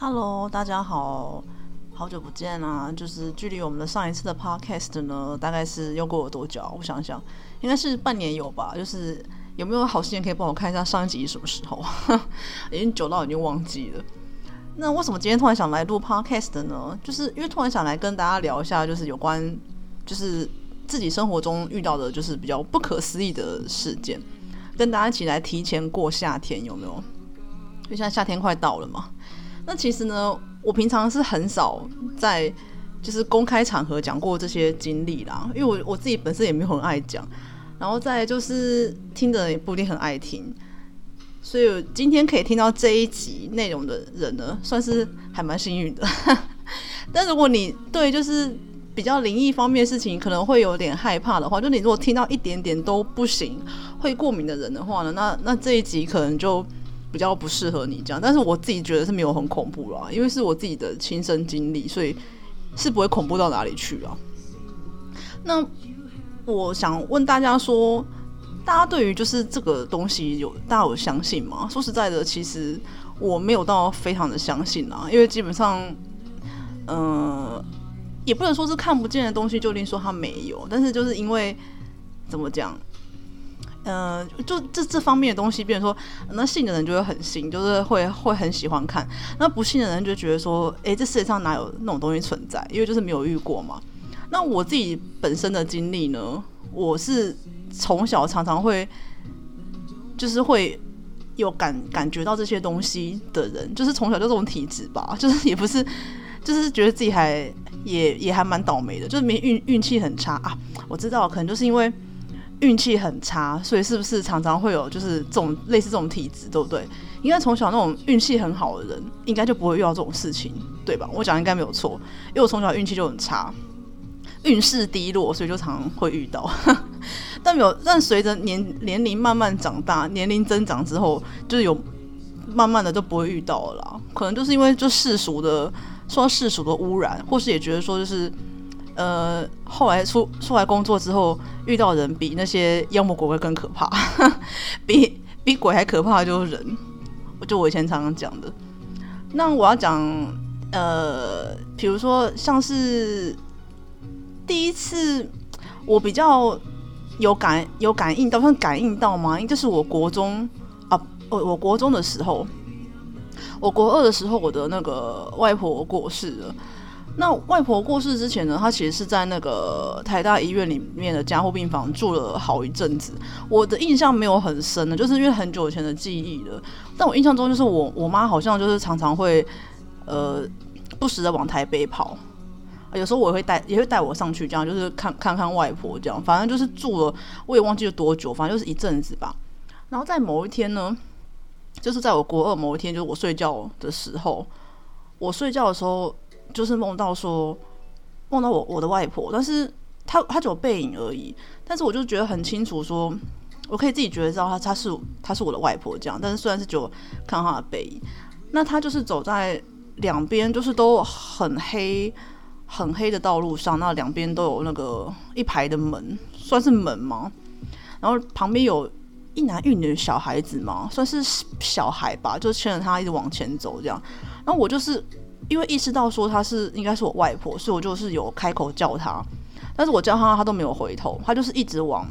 Hello，大家好，好久不見啦、啊！就是距離我們的上一次的 podcast 呢，大概是又過了多久？我想想，應該是半年有吧。就是有沒有好心人可以幫我看一下上一集什麼時候？ 已經久到已經忘記了。那為什麼今天突然想來錄 podcast 呢？就是因為突然想來跟大家聊一下，就是有關就是自己生活中遇到的，就是比較不可思議的事件，跟大家一起來提前過夏天，有沒有？因為現在夏天快到了嘛。那其實呢，我平常是很少在就是公開場合講過這些經歷啦，因為我我自己本身也沒有很愛講，然後再就是聽的人也不一定很愛聽，所以今天可以聽到這一集內容的人呢，算是還蠻幸運的。 但如果你對就是比較靈異方面的事情可能會有點害怕的話，就你如果聽到一點點都不行，會過敏的人的話呢，那那這一集可能就。比較不適合你這樣，但是我自己覺得是沒有很恐怖啦，因為是我自己的親身經歷，所以是不會恐怖到哪裡去啊。那我想問大家說，大家對於就是這個東西，有大家有相信嗎？說實在的，其實我沒有到非常的相信啦，因為基本上，嗯、呃，也不能說是看不見的東西就一定說它沒有，但是就是因為怎麼講。嗯、呃，就這這方面的東西，變成說，那信的人就會很信，就是會會很喜歡看。那不信的人就覺得說，哎、欸，這世界上哪有那種東西存在？因為就是沒有遇過嘛。那我自己本身的經歷呢，我是從小常常會，就是會有感感覺到這些東西的人，就是從小就這種體質吧，就是也不是，就是覺得自己還也也還蠻倒霉的，就是沒運運氣很差啊。我知道，可能就是因為。運氣很差，所以是不是常常會有就是這種類似這種體質，對不對？應該從小那種運氣很好的人，應該就不會遇到這種事情，對吧？我講應該沒有錯，因為我從小運氣就很差，運勢低落，所以就常常會遇到。 但沒有但隨着年年齡慢慢長大，年齡增長之後，就是有慢慢的就不會遇到了啦。可能就是因為就世俗的說世俗的污染，或是也覺得說就是。呃，後來出出來工作之後，遇到人比那些妖魔鬼怪更可怕，呵呵比比鬼還可怕的就是人。我就我以前常常講的。那我要講呃，比如說像是第一次我比較有感有感應到是感應到嗎？因為這是我國中啊，我我國中的時候，我國二的時候，我的那個外婆過世了。那外婆過世之前呢，她其實是在那個台大醫院裡面的加護病房住了好一陣子。我的印象沒有很深的，就是因為很久以前的記憶了。但我印象中就是我我媽好像就是常常會，呃，不時的往台北跑，啊，有時候我也會帶也會帶我上去，這樣就是看看看外婆這樣。反正就是住了，我也忘記了多久，反正就是一陣子吧。然後在某一天呢，就是在我國二某一天，就是我睡覺的時候，我睡覺的時候。就是夢到說，夢到我我的外婆，但是她她只有背影而已。但是我就覺得很清楚說，說我可以自己覺得知道她她是她是我的外婆這樣。但是雖然是只有看她的背影，那她就是走在兩邊，就是都很黑很黑的道路上。那兩邊都有那個一排的門，算是門嗎？然後旁邊有一男一女的小孩子嘛，算是小孩吧，就牽着她一直往前走這樣。然後我就是。因為意識到說她是應該是我外婆，所以我就是有開口叫她，但是我叫她，她都沒有回頭，她就是一直往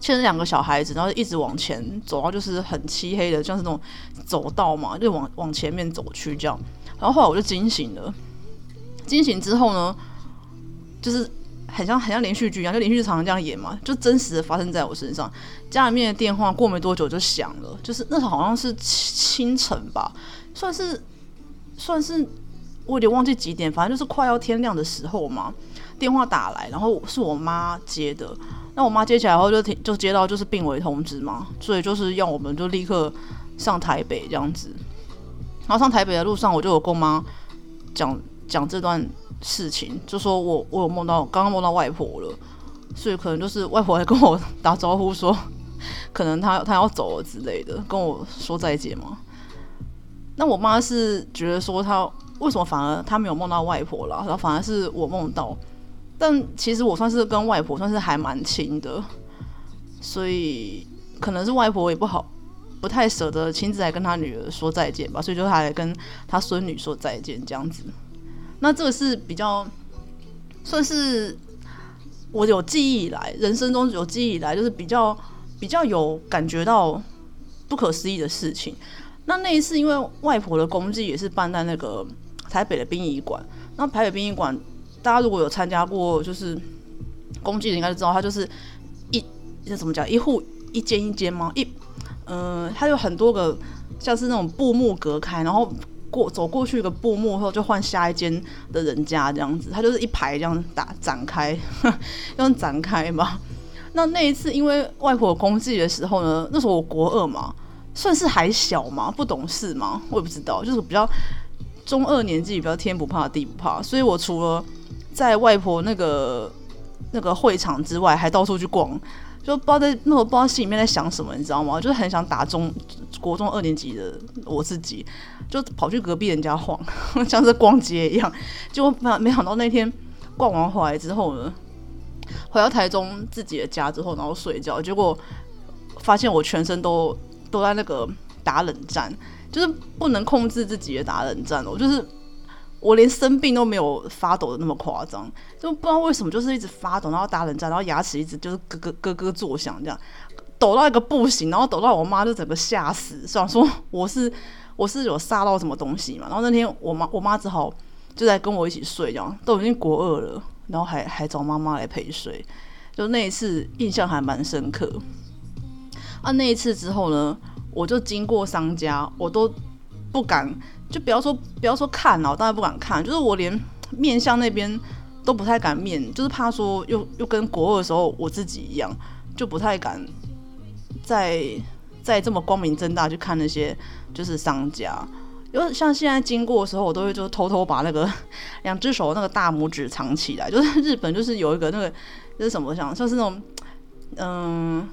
牽着兩個小孩子，然後一直往前走，到，就是很漆黑的，像是那種走道嘛，就往往前面走去這樣。然後後來我就驚醒了，驚醒之後呢，就是很像很像連續劇一樣，就連續劇常常這樣演嘛，就真實的發生在我身上。家裡面的電話過沒多久就響了，就是那時候好像是清晨吧，算是。算是我有點忘記幾點，反正就是快要天亮的時候嘛，電話打來，然後是我媽接的。那我媽接起來後就聽就接到就是病危通知嘛，所以就是要我們就立刻上台北這樣子。然後上台北的路上，我就有跟媽講講這段事情，就說我我有夢到剛剛夢到外婆了，所以可能就是外婆還跟我打招呼，說可能她她要走了之類的，跟我說再見嘛。那我媽是覺得說，她為什麼反而她沒有夢到外婆了，然後反而是我夢到，但其實我算是跟外婆算是還蠻親的，所以可能是外婆也不好，不太捨得親自來跟她女兒說再見吧，所以就她來跟她孫女說再見這樣子。那這個是比較算是我有記憶以來，人生中有記憶以來就是比較比較有感覺到不可思議的事情。那那一次，因為外婆的公祭也是辦在那個台北的殯儀館。那台北殯儀館，大家如果有參加過，就是公祭，你應該就知道，它就是一那怎麼講，一戶一間一間嘛？一嗯、呃，它有很多個，像是那種布幕隔開，然後過走過去一個布幕後，就換下一間的人家這樣子。它就是一排這樣打展開，這樣展開嘛。那那一次，因為外婆公祭的時候呢，那時候我國二嘛。算是還小嘛，不懂事嘛，我也不知道，就是比較中二年紀，比較天不怕地不怕，所以我除了在外婆那個那個會場之外，還到處去逛，就包在那我、那個、不知道心裡面在想什麼，你知道嗎？就是很想打中國中二年級的我自己，就跑去隔壁人家晃，像是逛街一樣。結果沒沒想到那天逛完回來之後呢，回到台中自己的家之後，然後睡覺，結果發現我全身都。都在那個打冷戰，就是不能控制自己的打冷戰，我就是我連生病都沒有發抖的那麼誇張，就不知道為什麼就是一直發抖，然後打冷戰，然後牙齒一直就是咯咯咯咯作響，這樣抖到一個不行，然後抖到我媽就整個嚇死，所以想說我是我是有煞到什麼東西嘛。然後那天我媽我媽只好就在跟我一起睡，這樣都已經國二了，然後還還找媽媽來陪睡，就那一次印象還蠻深刻。那、啊、那一次之後呢，我就經過商家，我都不敢，就不要說不要說看哦，我當然不敢看，就是我連面向那邊都不太敢面，就是怕說又又跟國二的時候我自己一樣，就不太敢再再這麼光明正大去看那些就是商家，因為像現在經過的時候，我都會就偷偷把那個兩隻手那個大拇指藏起來，就是日本就是有一個那個、就是什麼像像是那種嗯。呃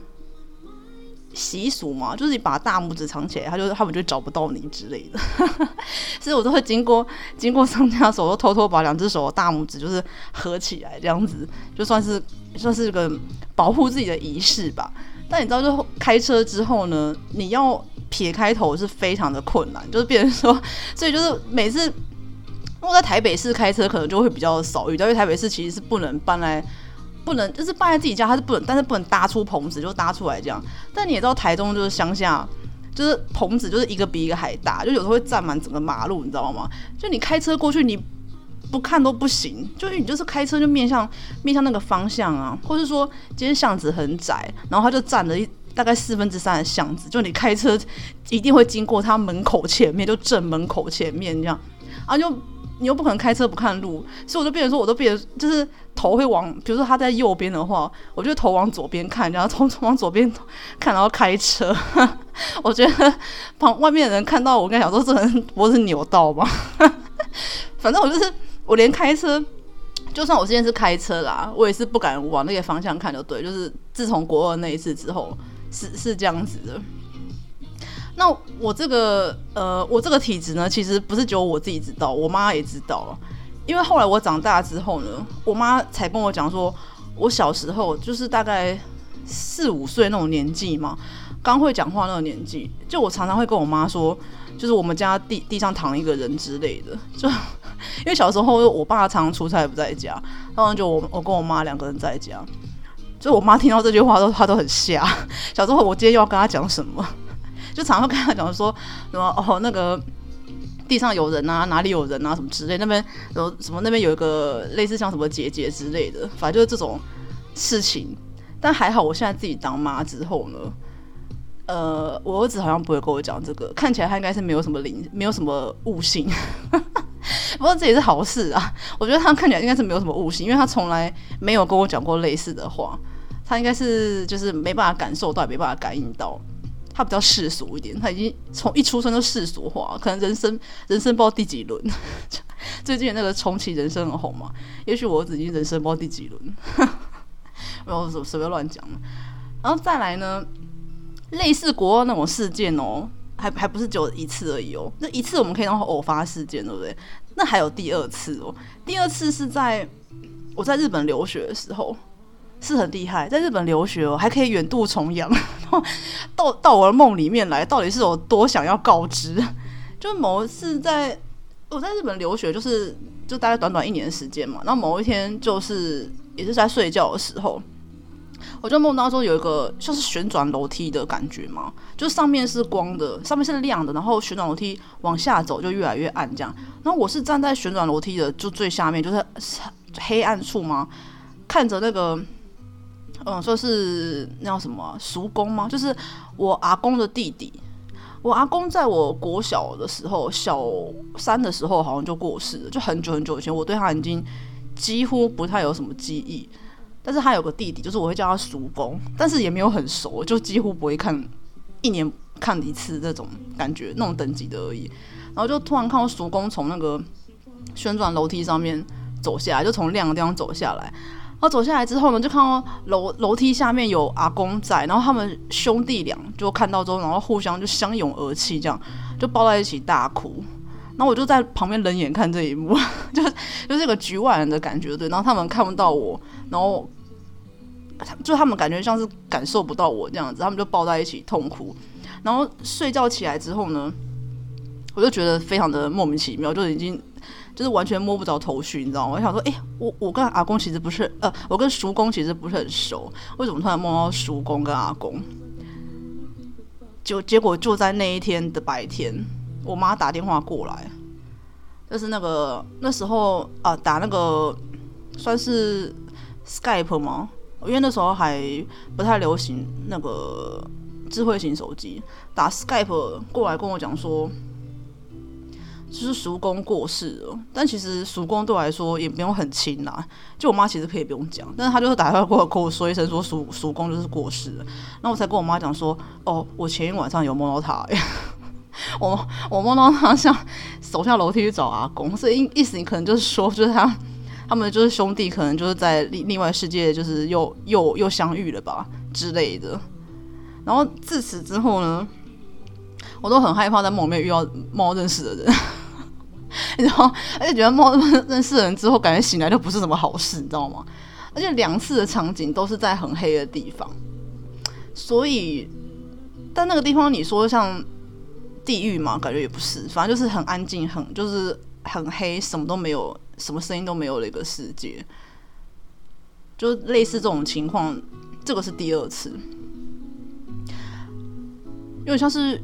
習俗嘛，就是你把大拇指藏起來，他就他們就找不到你之類的。 所以，我都會經過經過商家的時候，偷偷把兩隻手的大拇指就是合起來，這樣子就算是算是個保護自己的儀式吧。但你知道，就開車之後呢，你要撇開頭是非常的困難，就是變成說，所以就是每次，如果在台北市開車可能就會比較少遇到，因為台北市其實是不能搬來。不能就是放在自己家，他是不能，但是不能搭出棚子就搭出來這樣。但你也知道，台中就是鄉下，就是棚子就是一個比一個還大，就有時候會佔滿整個馬路，你知道嗎？就你開車過去，你不看都不行，就是你就是開車就面向面向那個方向啊，或是說今天巷子很窄，然後他就佔了一大概四分之三的巷子，就你開車一定會經過他門口前面，就正門口前面這樣，啊就。你又不可能開車不看路，所以我就變成說，我都變就是頭會往，比如說他在右邊的話，我就頭往左邊看，然後從往左邊看，然後開車。 我覺得旁外面的人看到我跟他想說，這人不會是，是扭到吧？ 反正我就是，我連開車，就算我之前是開車啦，我也是不敢往那個方向看，就對，就是自從國二那一次之後，是是這樣子的。那我這個呃，我這個體質呢，其實不是只有我自己知道，我媽也知道。因為後來我長大之後呢，我媽才跟我講說，我小時候就是大概四五歲那種年紀嘛，剛會講話那種年紀，就我常常會跟我媽說，就是我們家地地上躺一個人之類的。就因為小時候我爸常常出差不在家，然後就我我跟我媽兩個人在家，就我媽聽到這句話她都她都很嚇。小時候我今天又要跟她講什麼？就常常跟他講說什麼哦，那個地上有人啊，哪裡有人啊，什麼之類。那邊有什麼？那邊有一個類似像什麼結節之類的，反正就是這種事情。但還好，我現在自己當媽之後呢，呃，我兒子好像不會跟我講這個。看起來他應該是沒有什麼靈，沒有什麼悟性。 不過這也是好事啊。我覺得他看起來應該是沒有什麼悟性，因為他從來沒有跟我講過類似的話。他應該是就是沒辦法感受到，也沒辦法感應到。他比較世俗一點，他已經從一出生就世俗化，可能人生人生不知道第幾輪，最近那個重啟人生很紅嘛，也許我已經人生不知道第幾輪。不要，不要亂講了。然後再來呢，類似國外那種事件哦、喔，還還不是就一次而已哦、喔。那一次我們可以讓它偶發事件，對不對？那還有第二次哦、喔，第二次是在我在日本留學的時候，是很厲害，在日本留學哦、喔，還可以遠渡重洋。 到到我的夢裡面來，到底是有多想要告知？就某一次在，在我在日本留學、就是，就是就待了短短一年的時間嘛。然後某一天，就是也是在睡覺的時候，我就夢到說有一個像是旋轉樓梯的感覺嘛，就上面是光的，上面是亮的，然後旋轉樓梯往下走就越來越暗，這樣。然後我是站在旋轉樓梯的就最下面，就是黑暗處嘛，看着那個。嗯，說是那叫什麼叔、啊、公嗎？就是我阿公的弟弟。我阿公在我國小的時候，小三的時候好像就過世了，就很久很久以前。我對他已經幾乎不太有什麼記憶。但是他有個弟弟，就是我會叫他叔公，但是也沒有很熟，就幾乎不會看，一年看一次那種感覺，那種等級的而已。然後就突然看到叔公從那個旋轉樓梯上面走下來，就從亮的地方走下來。我走下來之後呢，就看到樓樓梯下面有阿公在，然後他們兄弟倆就看到之後，然後互相就相擁而泣，這樣就抱在一起大哭。然後我就在旁邊冷眼看這一幕，就就是一個局外人的感覺對。然後他們看不到我，然後就他們感覺像是感受不到我這樣子，他們就抱在一起痛哭。然後睡覺起來之後呢，我就覺得非常的莫名其妙，就已經。就是完全摸不着頭緒，你知道嗎？我想說，哎、欸，我我跟阿公其實不是，呃，我跟叔公其實不是很熟，為什麼突然夢到叔公跟阿公？就結果就在那一天的白天，我媽打電話過來，就是那個那時候啊、呃，打那個算是 Skype 嗎？因為那時候還不太流行那個智慧型手機，打 Skype 過來跟我講說。就是叔公過世了，但其實叔公對我來說也不用很親啦，就我媽其實可以不用講，但是她就是打電話過來跟我說一聲，說叔叔公就是過世了，那我才跟我媽講說，哦，我前一晚上有夢到他，欸 我，我我夢到他像走下樓梯去找阿公，所以意意思你可能就是說，就是他他們就是兄弟，可能就是在另另外世界，就是又又又相遇了吧之類的。然後自此之後呢，我都很害怕在夢裡面遇到夢到認識的人。 你知道，而且覺得夢認識人之後，感覺醒來就不是什麼好事，你知道嗎？而且兩次的場景都是在很黑的地方，所以但那個地方，你說像地獄嗎？感覺也不是，反正就是很安靜，很就是很黑，什麼都沒有，什麼聲音都沒有的一個世界，就類似這種情況。這個是第二次，有點像是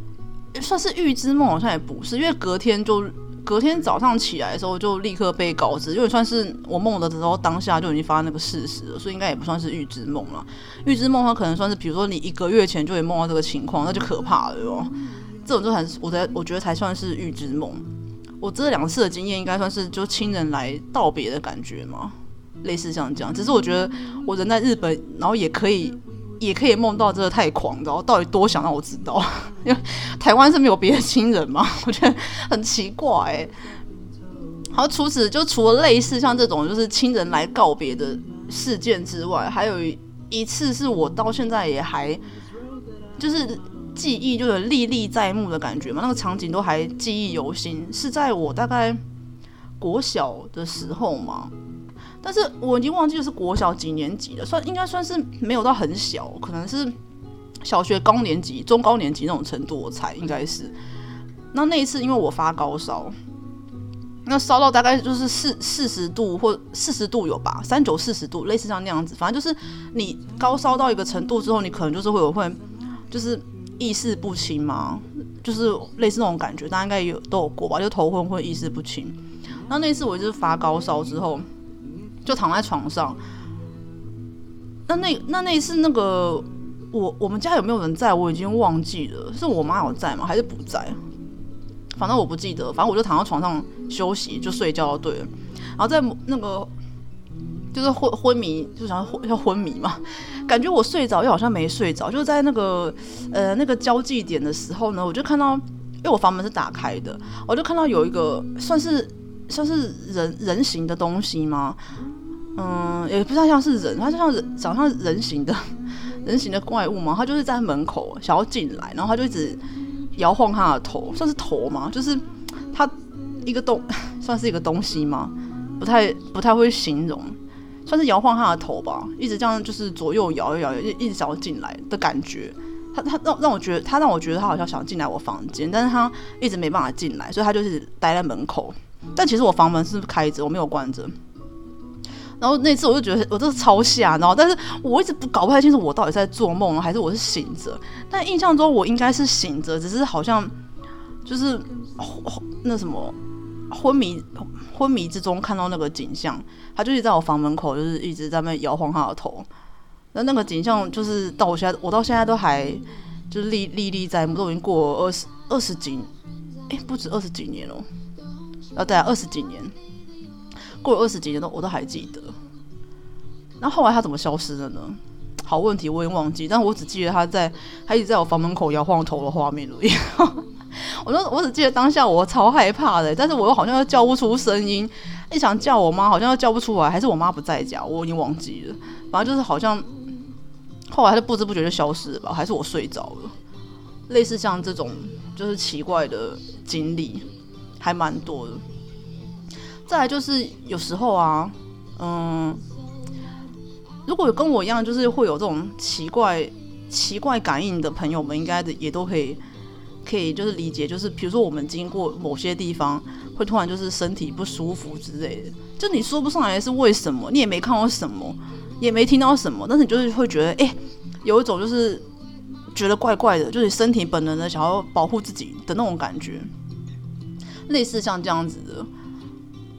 算是預知夢，好像也不是，因為隔天就。隔天早上起來的時候，就立刻被告知，因為算是我夢的時候，當下就已經發那個事實了，所以應該也不算是預知夢了。預知夢它可能算是，比如說你一個月前就會夢到這個情況，那就可怕了喲。這種就很，我在我覺得才算是預知夢。我這兩次的經驗應該算是就親人來道別的感覺嘛，類似像這樣，只是我覺得我人在日本，然後也可以。也可以夢到真的太狂，然後到底多想讓我知道？因為台灣是沒有別的親人嗎？我覺得很奇怪欸。哎，好，除此就除了類似像這種就是親人來告別的事件之外，還有一次是我到現在也還就是記憶就是歷歷在目的感覺嘛，那個場景都還記憶猶新，是在我大概國小的時候嘛。但是我已經忘記是國小幾年級了，算應該算是沒有到很小，可能是小學高年級、中高年級那種程度，我猜應該是。那那一次，因為我發高燒，那燒到大概就是四四十度或四十度有吧，三九四十度，類似像那樣子。反正就是你高燒到一個程度之後，你可能就是會有會，就是意識不清嘛，就是類似那種感覺。大家應該也有都有過吧，就頭昏或意識不清。那那一次我就是發高燒之後。就躺在床上，那那那那一次那個我我們家有沒有人在我已經忘記了，是我媽有在嗎？還是不在？反正我不記得。反正我就躺在床上休息，就睡覺就對了。然後在那個就是昏昏迷，就想要昏要昏迷嘛，感覺我睡着又好像沒睡着。就在那個呃那個交界點的時候呢，我就看到，因為我房門是打開的，我就看到有一個算是算是人人形的東西嗎？嗯，也不知道像是人，他就像人，長像人形的人形的怪物嘛。他就是在門口想要進來，然後他就一直搖晃他的頭，算是頭嗎？就是他一個東，算是一個東西嗎？不太不太會形容，算是搖晃他的頭吧。一直這樣就是左右搖一搖，一直想要進來的感覺。他他讓讓我覺得，他讓我覺得他好像想進來我房間，但是他一直沒辦法進來，所以他就是待在門口。但其實我房門是開着，我沒有關着。然後那次我就覺得我真的超嚇，然後但是我一直不搞不太清楚是我到底在做夢還是我是醒着？但印象中我應該是醒着，只是好像就是那什麼昏迷昏迷之中看到那個景象。他就是在我房門口，就是一直在那邊搖晃他的頭。那那個景象就是到我現在，我到現在都還就是歷歷歷在目，都已經過了二十二十幾，誒，不止二十幾年了，要、啊、大概、啊、二十幾年。過了二十幾年都我都還記得，那後，後來他怎麼消失了呢？好問題，我已經忘記，但我只記得他在，他一直在我房門口搖晃頭的畫面而已。 我說我只記得當下我超害怕的，欸，但是我又好像又叫不出聲音，一想叫我媽，好像又叫不出來，還是我媽不在家，我已經忘記了。反正就是好像後來他就不知不覺就消失了吧，還是我睡着了。類似像這種就是奇怪的經歷，還蠻多的。再來就是有時候啊，嗯，如果有跟我一樣就是會有這種奇怪奇怪感應的朋友們，應該也都可以可以就是理解。就是比如說我們經過某些地方，會突然就是身體不舒服之類的，就你說不上來是為什麼，你也沒看到什麼，也沒聽到什麼，但是你就是會覺得，哎、欸，有一種就是覺得怪怪的，就是身體本能的想要保護自己的那種感覺，類似像這樣子的。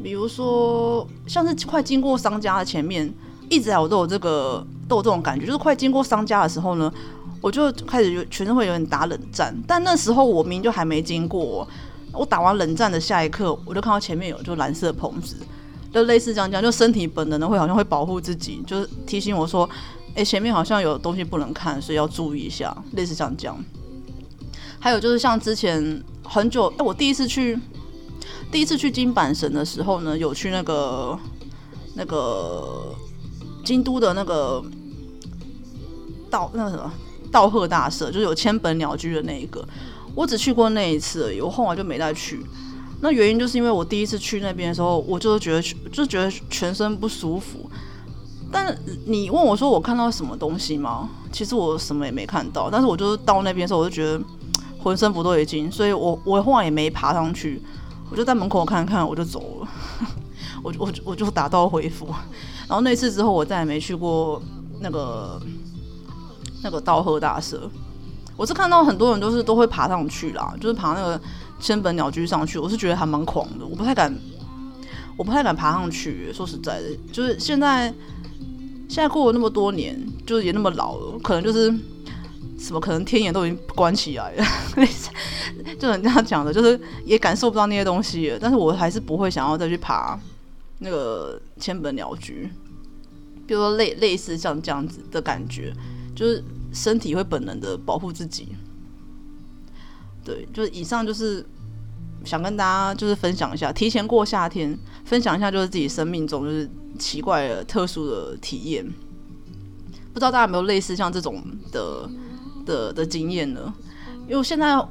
比如說，像是快經過商家的前面，一直來我都有這個都有這種感覺，就是快經過商家的時候呢，我就開始有全身會有點打冷戰。但那時候我明明就還沒經過，我打完冷戰的下一刻，我就看到前面有就藍色棚子，就類似這樣講，就身體本能的會好像會保護自己，就是提醒我說，哎、欸，前面好像有東西不能看，所以要注意一下，類似像這樣講。還有就是像之前很久，哎，我第一次去。第一次去京阪神的時候呢，有去那個那個京都的那個道那個、什麼稻荷大社，就是有千本鳥居的那一個。我只去過那一次而已，我後來就沒再去。那原因就是因為我第一次去那邊的時候，我就覺得就覺得全身不舒服。但你問我說，我看到什麼東西嗎？其實我什麼也沒看到。但是我就是到那邊的時候，我就覺得渾身不對勁，所以我我後來也沒爬上去。我就在門口看看，我就走了， 我我我就打道回府。 然後那次之後，我再也沒去過那個那個稻荷大社。我是看到很多人都是都會爬上去啦，就是爬那個千本鳥居上去。我是覺得還蠻狂的，我不太敢，我不太敢爬上去欸。說實在的，就是現在現在過了那麼多年，就是也那麼老了，可能就是。什麼可能天眼都已經關起來了，類似，就人家講的，就是也感受不到那些東西。但是我還是不會想要再去爬那個千本鳥居，比如說類類似像這樣子的感覺，就是身體會本能的保護自己。對，就是以上就是想跟大家就是分享一下，提前過夏天，分享一下就是自己生命中就是奇怪的特殊的體驗。不知道大家有沒有類似像這種的，的的經驗了，因為我現在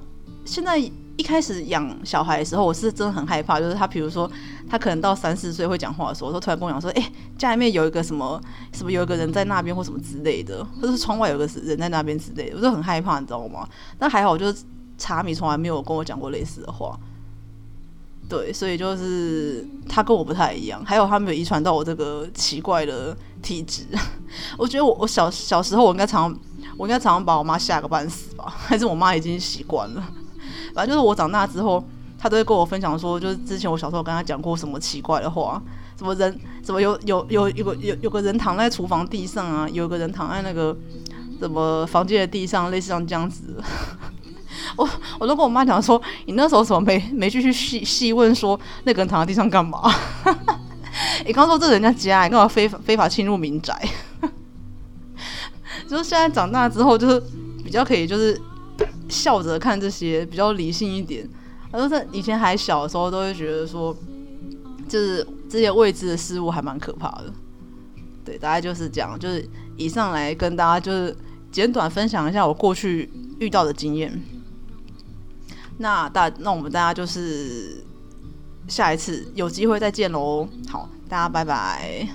現在一開始養小孩的時候，我是真的很害怕，就是他，比如說他可能到三四歲會講話的時候，說說突然跟我講說，哎、欸，家裡面有一個什麼什麼，有一個人在那邊或什麼之類的，或者是窗外有個人在那邊之類的，我就很害怕，你知道嗎？但還好，就是茶米從來沒有跟我講過類似的話，對，所以就是他跟我不太一樣，還有他沒有遺傳到我這個奇怪的體質。我覺得我我小小時候，我應該常常。我應該常常把我媽嚇個半死吧？還是我媽已經習慣了？反正就是我長大之後，她都會跟我分享說，就是之前我小時候跟她講過什麼奇怪的話，什麼人，什麼有有有有個有有個人躺在廚房地上啊，有個人躺在那個什麼房間的地上，類似像這樣子。我我都跟我媽講說，你那時候怎麼沒沒去去細細問說那個人躺在地上幹嘛？你 剛、欸、說這人家家，你幹嘛非非法侵入民宅？就是現在長大之後，就是比較可以，就是笑着看這些，比較理性一點。而是以前還小的時候，都會覺得說，就是這些未知的事物還蠻可怕的。對，大概就是這樣，就是以上來跟大家就是簡短分享一下我過去遇到的經驗。那大，那我們大家就是下一次有機會再見嘍。好，大家拜拜。